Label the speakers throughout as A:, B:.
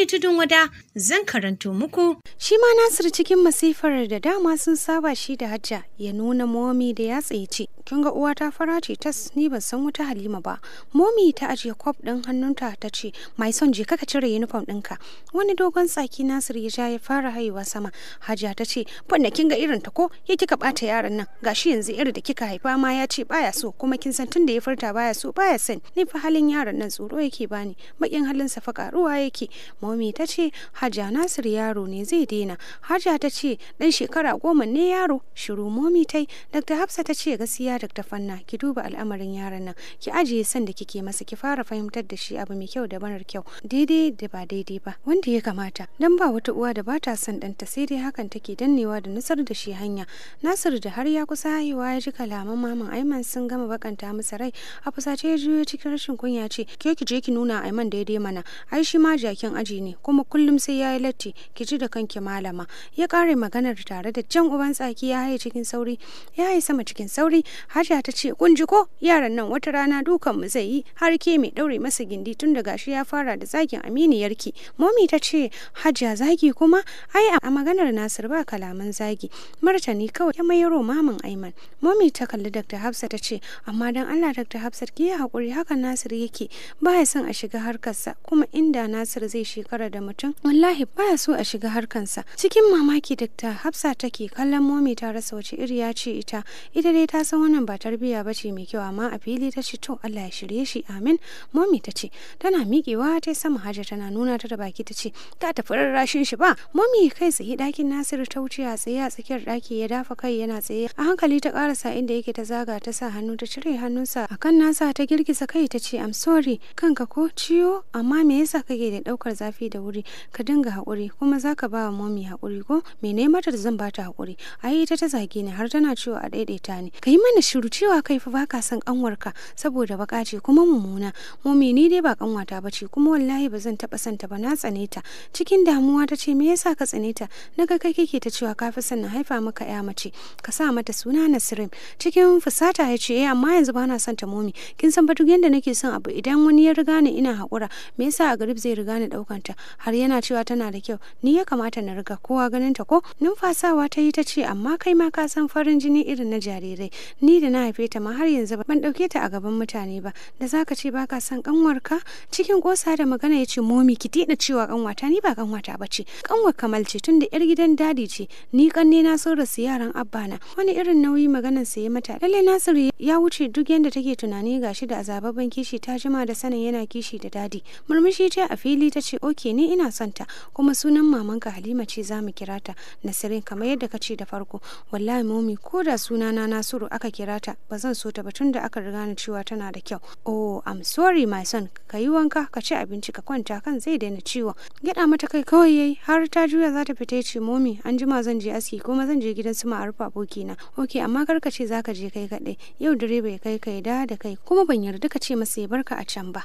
A: 你吃着我的。zan karanto muku. Shi ma Nasir cikin masifar da dama sun saba shi da hajja ya nuna momi da ya tsaye Kin ga uwa ta fara ce tas ni ban san wata Halima ba. Momi ta ajiye kwaf ɗin hannunta ta ce mai son je kaka cire uniform ɗinka. Wani dogon tsaki Nasir ya ja ya fara haihuwa sama. Hajja ta ce fanna kin ga irin ta ko ya kika bata yaron nan gashi yanzu irin da kika haifa ma ya ce baya so kuma kin san tun da ya furta baya so baya san ni fa halin yaran nan tsoro yake bani bakin halin sa fa karuwa yake. Momi ta ce Hajiya Nasir yaro ne zai daina. Hajiya ta ce dan shekara goma ne yaro shiru momi tai. Dr. Hafsa ta ce gaskiya Dr. Fanna ki duba al'amarin yaron nan ki ajiye san da kike masa ki fara fahimtar da shi abu mai kyau da marar kyau daidai da ba daidai ba wanda ya kamata dan ba wata uwa da bata son ɗanta sai dai hakan take dannewa da nasar da shi hanya. Nasir da har ya kusa haihuwa ya ji kalaman maman Aiman sun gama bakanta masa rai a fusace ya juyo cikin rashin kunya ce ke ki je ki nuna Aiman daidai mana ai shi ma jakin aji ne kuma kullum sai ya yi latti ki ji da kanki malama ya kare maganar tare da can uban tsaki ya haye cikin sauri ya haye sama cikin sauri hajiya ta ce kun ko yaran nan wata rana dukan mu zai yi har ke mai daure masa gindi tun da gashi ya fara da zagin aminiyarki momi ta ce hajiya zagi kuma ai a maganar nasir ba kalaman zagi martani kawai ya mayaro mamin aiman momi ta kalli dr hafsa ta ce amma dan allah dr hafsat ki yi hakuri hakan nasir yake ba ya son a shiga harkarsa kuma inda nasir zai shekara da mutum wallahi baya so a shiga harkansa cikin mamaki dakta hafsa take kallon momi ta rasa wace iriya ce ita ita dai ta san wannan ba tarbiyya ba ce mai kyau amma a fili ta ce to Allah ya shirye shi amin momi ta ce tana miƙewa ta sama haja tana nuna ta da baki ta ce ta tafi rarrashin shi ba momi kai tsaye ɗakin nasiru ta wuce a tsaye a tsakiyar ɗaki ya dafa kai yana tsaye a hankali ta karasa inda yake ta zaga ta sa hannu ta cire hannunsa akan nasa ta girgiza kai ta ce am sorry kanka ko ciwo amma me yasa kake da ɗaukar zafi da wuri ka dinga haƙuri kuma za ka ba wa momi haƙuri ko me ne mata da zan ba ta haƙuri ai ita ta zage ni har tana cewa a daidaita ne ka yi mana shiru cewa kai fa baka son kanwarka saboda baka ce kuma mummuna momi ni dai ba kanwata ba ce kuma wallahi ba zan taɓa son ta ba na tsane ta cikin damuwa ta ce me yasa ka tsane ta naga kai kike ta cewa ka fi son na haifa maka ya mace ka sa mata suna Nasirin cikin fusata ya ce eh amma yanzu bana son ta momi kin san ba duk yanda nake son abu idan wani ya riga ni ina haƙura me yasa a garib zai riga ni ɗaukan har yana cewa cewa tana da kyau ni ya kamata na riga kowa ganin ta ko numfasawa ta yi ta ce amma kai ma ka san farin jini irin na jarirai ni da na haife ta ma har yanzu ban dauke ta a gaban mutane ba da zaka ce baka san kanwarka cikin kosa da magana ya ce momi ki tida cewa kanwata ni ba kanwata ba ce kanwar kamal ce tunda yar gidan dadi ce ni kanne na so rasu yaran abba na wani irin nauyi maganar sa ya mata lalle nasiru ya wuce duk yanda take tunani gashi da azababan kishi ta jima da sanin yana kishi da dadi murmushi ce a fili ta ce oke ni ina son ta kuma sunan mamanka halima ce za mu kira ta nasirin kamar yadda ka ce da farko wallahi momi ko da sunana nasiru aka kira ta ba zan so ta ba tun da aka riga ni cewa tana da kyau oh i'm sorry my son ka yi wanka ka ci abinci ka kwanta kan zai daina ciwo gida mata kai kawai yayi har ta juya za ta fita ya ce momi an jima zan je aski kuma zan je gidan su aboki abokina ok amma kar ka ce za ka je kai kaɗai yau direba ya kai kai da da kai kuma ban yarda ka ce masa ya barka a can ba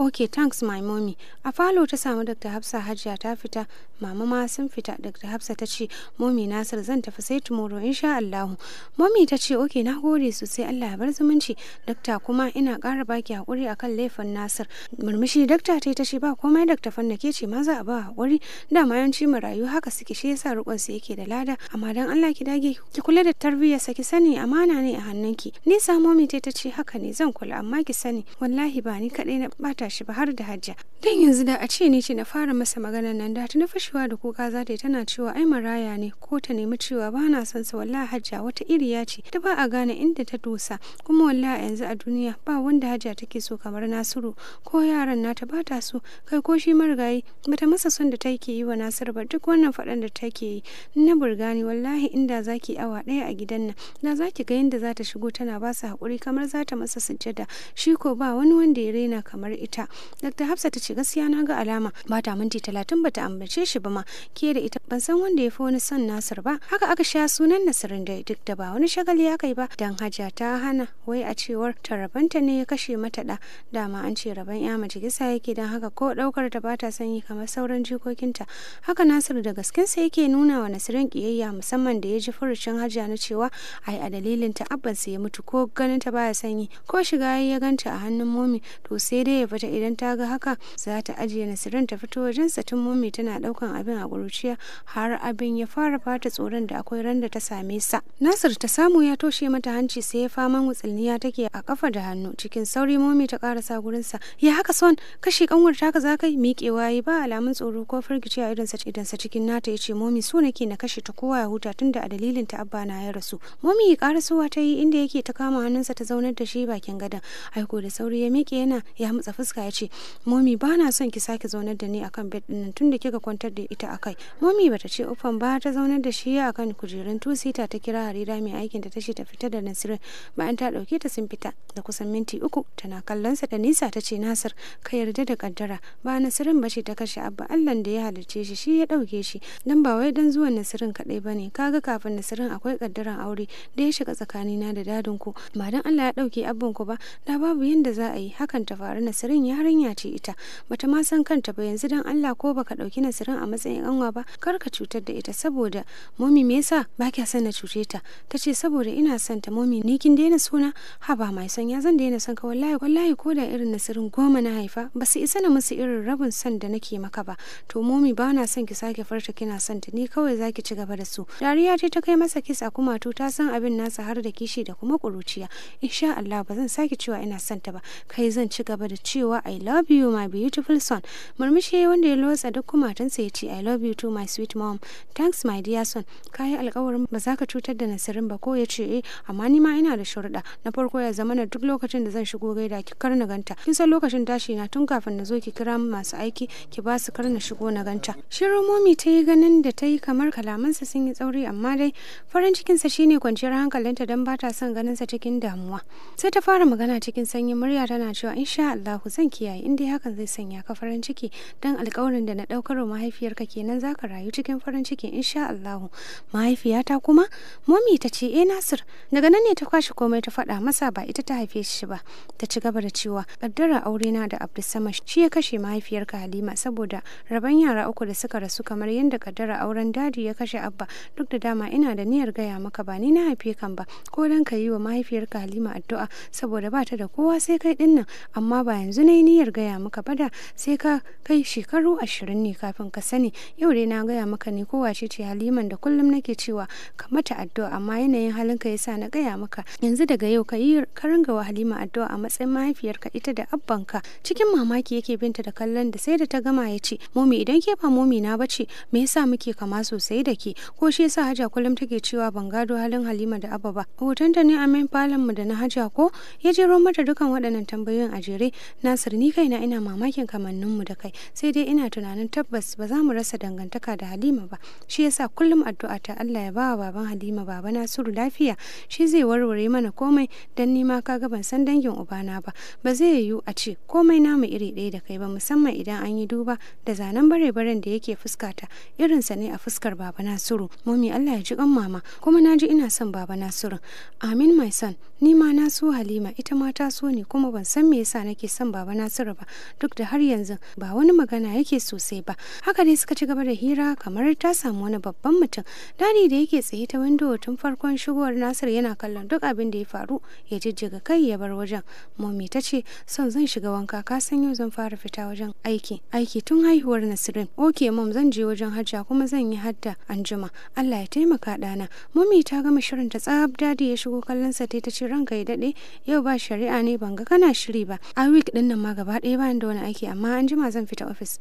A: ok thanks my mommy a falo ta samu dr hafsa hajiya ta ta fita mama ma sun fita dr hafsa ta ce momi nasir zan tafi sai tomorrow insha allahu momi ta ce oke na gode sosai allah ya bar zumunci dakta kuma ina kara baki hakuri akan laifin nasir murmushi dakta ta ta ce ba komai dakta fanna ke ce ma za a ba hakuri dama yawanci marayu haka suke shi yasa rukon su yake da lada amma dan allah ki dage ki kula da tarbiyyar sa ki sani amana ne a hannunki nisa momi ta ta ce haka ne zan kula amma ki sani wallahi ba ni kaɗai na bata shi ba har da hajja dan yanzu da a ce ni ce na fara masa maganar sannan da tana fashewa da kuka za ta yi tana cewa ai maraya ne ko ta nemi cewa ba na son sa wallahi hajja wata iriya ce ta ba a gane inda ta dosa kuma wallahi yanzu a duniya ba wanda hajja take so kamar Nasiru ko yaran nata ba ta so kai ko shi marigayi bata masa son da ta ke yi wa Nasiru ba duk wannan faɗan da take yi na burgani wallahi inda za zaki awa ɗaya a gidan nan da ki ga yadda za ta shigo tana ba su haƙuri kamar za ta masa sujjada shi ko ba wani wanda ya raina kamar ita Dr. Hafsa ta ce gaskiya na ga alama ba ta minti talatin bata ambace shi ba ma ke da ita ban san wanda ya fi wani son Nasir ba haka aka sha sunan Nasirin dai duk da ba wani shagali ya kai ba dan hajja ta hana wai a cewar ta rabanta ne ya kashe mata da dama an ce raban ya majigisa yake dan haka ko daukar ta bata son yi kamar sauran jikokinta haka Nasir da sa yake nuna wa Nasirin kiyayya musamman da ya ji furucin Hajiya na cewa ai a dalilin ta abbansa ya mutu ko ganin ta baya sanyi ko shiga ya ganta a hannun momi to sai dai ya fita idan ta ga haka za ta ajiye Nasirin ta fito wajen satin momi Ummi tana ɗaukan abin a ƙuruciya har abin ya fara fata tsoron da akwai ran da ta same sa. Nasir ta samu ya toshe mata hanci sai ya faman wutsilniya take a kafa da hannu cikin sauri momi ta karasa gurinsa. Ya haka son kashi kanwar taka zakai miƙewa yi ba alamun tsoro ko firgici a idan sa cikin nata ya ce Ummi so nake na kashe ta kowa ya huta tunda a dalilin ta abba na ya rasu. Ummi karasowa ta yi inda yake ta kama hannunsa ta zaunar da shi bakin gadon. Aiko da sauri ya miƙe yana ya mutsa fuska ya ce momi ba na son ki sake zaunar da ni akan bed din tun da kika kwantar da ita a kai ba bata ce ufan ba ta zaunar da shi a kan kujerun tusita ta kira harira mai aikin ta tashi ta fita da nasirin bayan ta dauke ta sun fita da kusan minti uku tana kallon sa da nisa ta ce nasir ka yarda da kaddara ba nasirin ba ce ta kashe abba allan da ya halarce shi shi ya dauke shi dan ba wai dan zuwan nasirin kadai bane kaga kafin nasirin akwai kaddaran aure da ya shiga tsakanina da dadin ku ba dan Allah ya dauke abban ku ba da babu yanda za a yi hakan ta faru nasirin yarinya ce ita bata ma san kanta ba yanzu dan Allah ko ba baka dauki Nasirin a matsayin anwa ba kar ka cutar da ita saboda momi me yasa ba kya son na cuce ta ce saboda ina son ta momi ni kin daina suna haba mai son ya zan daina son ka wallahi wallahi ko da irin Nasirin goma na haifa ba su isa na musu irin rabin son da nake maka ba to momi ba na son ki sake farta kina son ta ni kawai zaki ci gaba da su dariya ce ta kai masa kisa kuma to ta san abin nasa har da kishi da kuma kuruciya insha Allah ba zan sake cewa ina son ta ba kai zan ci gaba da cewa I love you my beautiful son murmushi wanda ya lotsa duk tun ya ce I love you too my sweet mom. Thanks my dear son. ka yi alkawarin ba za ka cutar da Nasirin ba ko ya ce eh amma ni ma ina da sharuɗa. Na farko ya zama na duk lokacin da zan shigo gaida ki kar na ganta. Kin san lokacin tashi na tun kafin na zo ki kira masu aiki ki ba su kar na shigo na ganta. Shirin momi ta yi ganin da ta yi kamar kalamansa sun yi tsauri amma dai farin cikinsa shine kwanciyar hankalinta don ba ta son ganin sa cikin damuwa. Sai ta fara magana cikin sanyi murya tana cewa insha Allah zan kiyaye in dai hakan zai sanya ka farin ciki don alkawarin da na ka daukar wa mahaifiyarka kenan zaka rayu cikin farin ciki insha Allah mahaifiyata kuma momi ta ce eh Nasir daga nan ne ta kwashi komai ta faɗa masa ba ita ta haife shi ba ta ci gaba da cewa kaddara aure na da Abdulsamad shi ya kashe mahaifiyarka Halima saboda raban yara uku da suka rasu kamar yadda kaddara auren dadi ya kashe Abba duk da dama ina da niyyar gaya maka ba ni na haife kan ba ko dan ka yi wa mahaifiyarka Halima addu'a saboda ba ta da kowa sai kai dinnan amma ba yanzu ne niyyar gaya maka ba da sai ka kai shekaru ashirin ashirin ne kafin ka sani yau dai na gaya maka ne ko wace ce haliman da kullum nake cewa ka mata addu'a amma yanayin halin halinka yasa na gaya maka yanzu daga yau ka yi ka ringa wa halima addu'a a matsayin mahaifiyarka ita da abbanka cikin mamaki yake binta da kallon da sai da ta gama ya ce momi idan ke ba momi na bace me yasa muke kama sosai da ke ko shi yasa haja kullum take cewa ban gado halin halima da abba ba ta ne a main falon mu da na haja ko ya jero mata dukan waɗannan tambayoyin a jere nasir ni kaina ina mamakin kamannin mu da kai sai dai ina tunanin tunanin tabbas ba za mu rasa dangantaka da Halima ba shi yasa kullum addu'a ta Allah ya bawa baban Halima baba Nasiru lafiya shi zai warware mana komai dan ni ma kaga ban san dangin ubana ba ba zai yiwu a ce komai namu iri ɗaya da kai ba musamman idan an yi duba da zanen bare-baren da yake fuskata irinsa ne a fuskar baba Nasiru mumi Allah ya ji kan mama kuma na ji ina son baba Nasiru amin my son ni ma na so Halima ita ma ta so ne kuma ban san me yasa nake son baba Nasiru ba duk da har yanzu ba wani magana yake sosai sosai ba haka ne suka ci gaba da hira kamar ta samu wani babban mutum dani da yake tsaye ta windo tun farkon shigowar nasir yana kallon duk abin da ya faru ya jijjiga kai ya bar wajen momi ta ce son zan shiga wanka ka san yau zan fara fita wajen aiki aiki tun haihuwar nasirin ok mom zan je wajen hajja kuma zan yi hadda anjima allah ya taimaka dana momi ta gama shirin ta tsab dadi ya shigo kallon sa ta ce ranka ya daɗe yau ba shari'a ne ban ga kana shiri ba a week din nan ma gaba ɗaya ba da wani aiki amma anjima zan fita ofis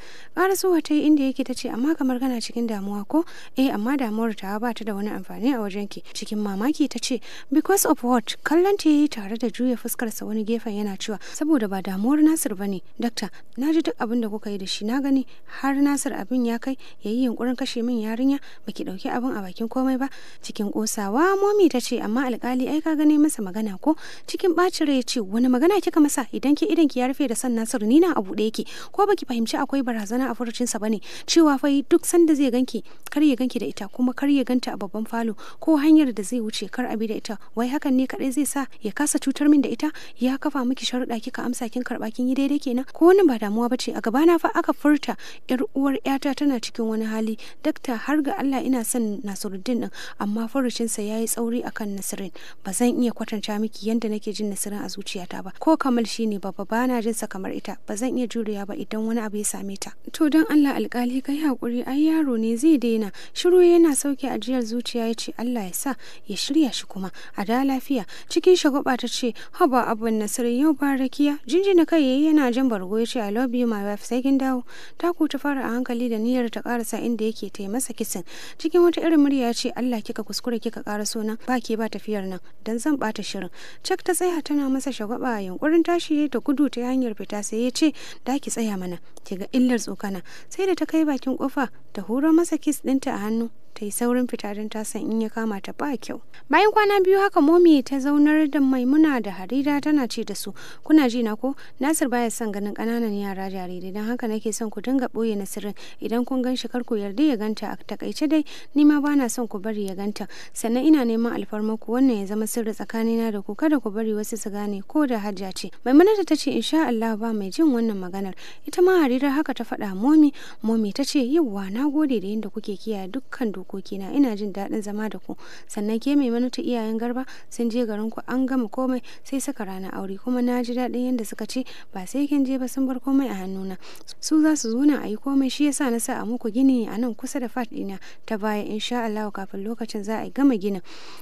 A: Matsuwa ta yi inda yake ta ce amma kamar kana cikin damuwa ko? Eh amma damuwar ta ba ta da wani amfani a wajen ki. Cikin mamaki ta ce because of what? Kallon ta yi tare da juya fuskarsa wani gefen yana cewa saboda ba damuwar Nasir ba ne. Dakta na ji duk abin da kuka yi da shi na gani har Nasir abin ya kai ya yi yunkurin kashe min yarinya baki dauki abin a bakin komai ba. Cikin kosawa momi ta ce amma alkali ai ka gane masa magana ko? Cikin bacin rai ce wani magana kika masa idan ki idan ki ya rufe da san Nasir ni na a buɗe yake ko baki fahimci akwai barazana a furucinsa bane cewa fa duk sanda zai ganki kar ya ganki da ita kuma kar ya ganta a babban falo ko hanyar da zai wuce kar abi da ita wai hakan ne kadai zai sa ya kasa cutar min da ita ya kafa miki sharuɗa kika amsa kin karba kin yi daidai kenan ko wannan ba damuwa bace a gaba na fa aka furta yar uwar yata tana cikin wani hali dakta har ga Allah ina son Nasiruddin din amma furucinsa yayi tsauri akan Nasirin ba zan iya kwatanta miki yanda nake jin Nasirin a zuciyata ba ko Kamal shine baba bana jin sa kamar ita ba zan iya jurewa ba idan wani abu ya same ta to don Allah alkali kai hakuri ai yaro ne zai daina shiru yana sauke ajiyar zuciya ya ce Allah ya sa ya shirya shi kuma a da lafiya cikin shagwaba ta ce haba abun nasirin yau ba rakiya jinjina kai yayi yana jan bargo ya ce I love you my wife sai kin dawo ta ku ta fara a hankali da niyyar ta karasa inda yake ta masa kisan cikin wata irin murya ya ce Allah kika kuskure kika kara nan ba ke ba tafiyar nan dan zan bata shirin cak ta tsaya tana masa shagwaba yunkurin tashi ta gudu ta hanyar fita sai ya ce da ki tsaya mana kiga illar tsokana sai da ta kai bakin kofa ta hura masa kis dinta a hannu ta yi saurin fita don ta san in ya kama ta ba kyau bayan kwana biyu haka momi ta zaunar da maimuna da harira tana ce da su kuna ji na ko nasir baya son ganin kananan yara jarirai don haka nake son ku dinga ɓoye nasirin idan kun gan shi kar ku yarda ya ganta a takaice dai ni ma bana son ku bari ya ganta sannan ina neman alfarmaku wannan ya zama sirri tsakanina da ku kada ku bari wasu su gane ko da hajja ce maimuna ta ce in sha Allah ba mai jin wannan maganar ita ma harira haka ta faɗa momi momi ta ce yauwa na gode da yadda kuke kiyaye dukkan abokina ina jin daɗin zama da ku sannan ke mai manuta iyayen garba sun je garin ku an gama komai sai saka rana aure kuma na ji daɗin yadda suka ce ba sai kin je ba sun bar komai a hannuna su za su zo na a yi komai shi yasa na sa a muku gini a nan kusa da fat ɗina ta baya insha Allah kafin lokacin za a gama ginin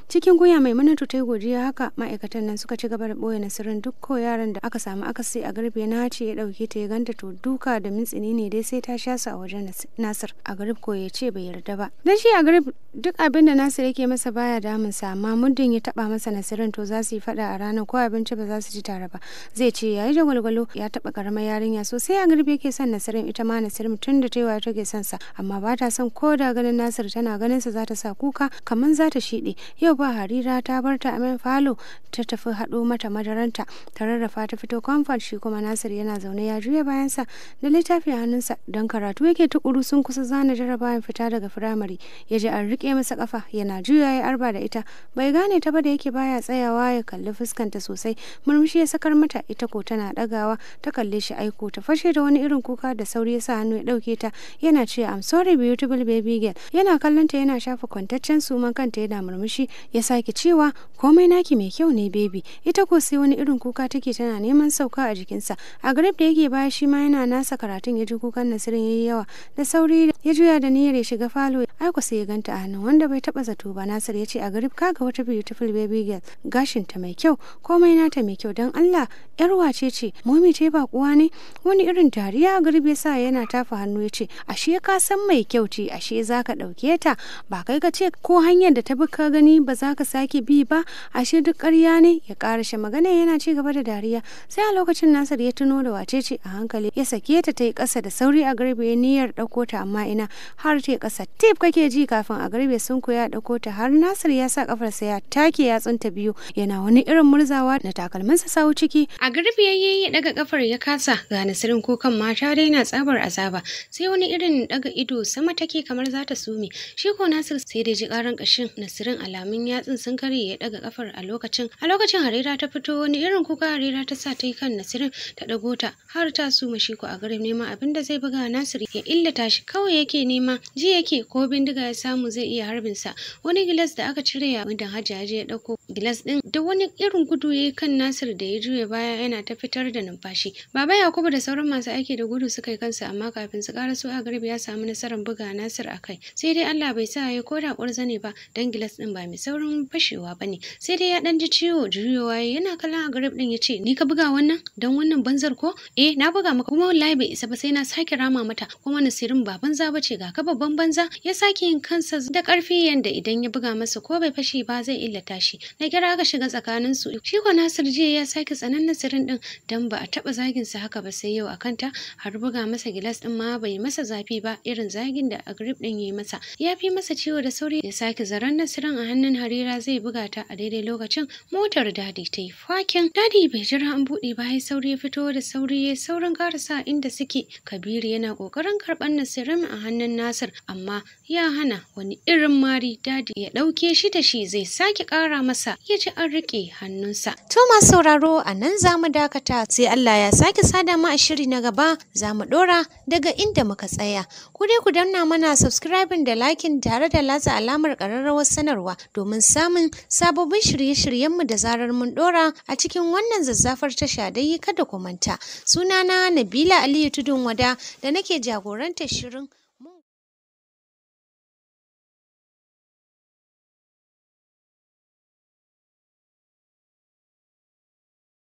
A: cikin guya mai manuta ta yi godiya haka ma'aikatan nan suka ci gaba da ɓoye nasirin duk ko yaran da aka samu aka sai a garbe na ce ya ɗauke ta ya ganta to duka da mintsini ne dai sai ta sha su a wajen nasir a garib ko ya ce bai yarda ba dan shi ya garib duk abin da Nasir yake masa baya damunsa amma muddin ya taba masa Nasirin to za su yi fada a ranar ko abinci ba za su ji tare ba zai ce yayi da gwalgwalo ya taba karamar yarinya sosai a garbi yake son Nasirin ita ma Nasirin tun da ta ke son sa amma ba ta son ko da ganin Nasir tana ganin sa za ta sa kuka kaman za ta shide yau ba Harira ta bar ta amen falo ta tafi hado mata madaranta ta rarrafa ta fito comfort shi kuma Nasir yana zaune ya juya bayansa da littafi hannunsa don karatu yake tukuru sun kusa zana jarabawan fita daga firamare ya ji an rike masa kafa yana juya ya arba da ita bai gane ta ba da yake baya tsayawa ya kalli fuskanta sosai murmushi ya sakar mata ita ko tana dagawa ta kalle shi aiko ta fashe da wani irin kuka da sauri ya sa hannu ya dauke ta yana ce I'm sorry beautiful baby girl yana kallon ta yana shafa kwantaccen suma kanta yana murmushi ya sake cewa komai naki mai kyau ne baby ita ko sai wani irin kuka take tana neman sauka a jikinsa a grip da yake baya shi ma yana nasa karatun ya ji kukan nasirin yayi yawa da sauri ya juya da niyyar ya shiga falo ai ku sai ya ganta a hannun wanda bai taba zato ba Nasir ya ce a garib kaga wata beautiful baby girl gashin ta mai kyau komai nata mai kyau dan Allah yar wace ce momi ce ba kuwa ne wani irin dariya garib ya sa yana tafa hannu ya ce ashe ka san mai kyau ce ashe zaka dauke ta ba kai ka ce ko hanyar da ta bi ka gani ba za ka sake bi ba ashe duk ƙarya ne ya karashe magana yana ci gaba da dariya sai a lokacin Nasir ya tuno da wace ce a hankali ya sake ta ta yi ƙasa da sauri a garbe niyyar ɗauko ta amma ina har ta ƙasa tip kake ji kafin a garbe sunku ya ɗauko ta har Nasir ya sa kafarsa ya take ta biyu yana wani irin murzawa na takalminsa sawu ciki. A garbe ya daga kafar ya kasa ga Nasirin kukan mata dai na tsabar azaba sai wani irin daga ido sama take kamar za ta sume. Shi ko Nasir sai da ji karan kashin Nasirin alamun yatsun sun kare ya daga kafar a lokacin. A lokacin Harira ta fito wani irin kuka Harira ta sa ta yi kan Nasirin ta dago ta har ta suma shi ko a garbe neman abin da zai buga Nasir ya illata shi kawai yake nema ji yake ko bindiga ga ya samu zai iya harbin sa wani gilas da aka cire ya wanda hajjaje ya dauko gilas din da wani irin gudu yayi kan Nasir da ya juya baya yana ta fitar da numfashi baba Yakubu da sauran masu aiki da gudu suka yi kansu amma kafin su karaso a garbi ya samu nasarar buga Nasir a kai sai dai Allah bai sa ya koda zane ba dan gilas din ba mai saurin fashewa bane sai dai ya dan ji ciwo juyowa yana kallon a garbi din yace ni ka buga wannan dan wannan banzar ko eh na buga maka kuma wallahi bai isa ba sai na sake rama mata kuma Nasirin ba banza bace ga ka babban banza ya sake yin kansa da ƙarfi yanda idan ya buga masa ko bai fashe ba zai illata shi na kira aka shiga tsakanin su shi ko Nasir jiya ya sake tsanan Nasirin din dan ba a taba zagin sa haka ba sai yau akanta har buga masa gilas din ma bai masa zafi ba irin zagin da agrip din yayi masa ya fi masa ciwo da sauri ya sake zaran Nasirin a hannun Harira zai buga ta a daidai lokacin motar dadi ta yi fakin dadi bai jira an buɗe ba ya sauri ya fito da sauri ya saurin karasa inda suke Kabiru yana kokarin karban Nasirin a hannun Nasir amma ya hana wani irin mari dadi ya ɗauke shi da shi zai sake ƙara masa ya ji an riƙe hannunsa. To masu sauraro a nan za mu dakata sai Allah ya sake sada mu a shiri na gaba za mu ɗora daga inda muka tsaya. Ku dai ku danna mana subscribing da liking tare da latsa alamar ƙararrawar sanarwa domin samun sababbin shirye-shiryenmu da zarar mun ɗora a cikin wannan zazzafar tasha dai kada ku manta. Sunana Nabila Aliyu Tudun Wada da nake jagorantar shirin.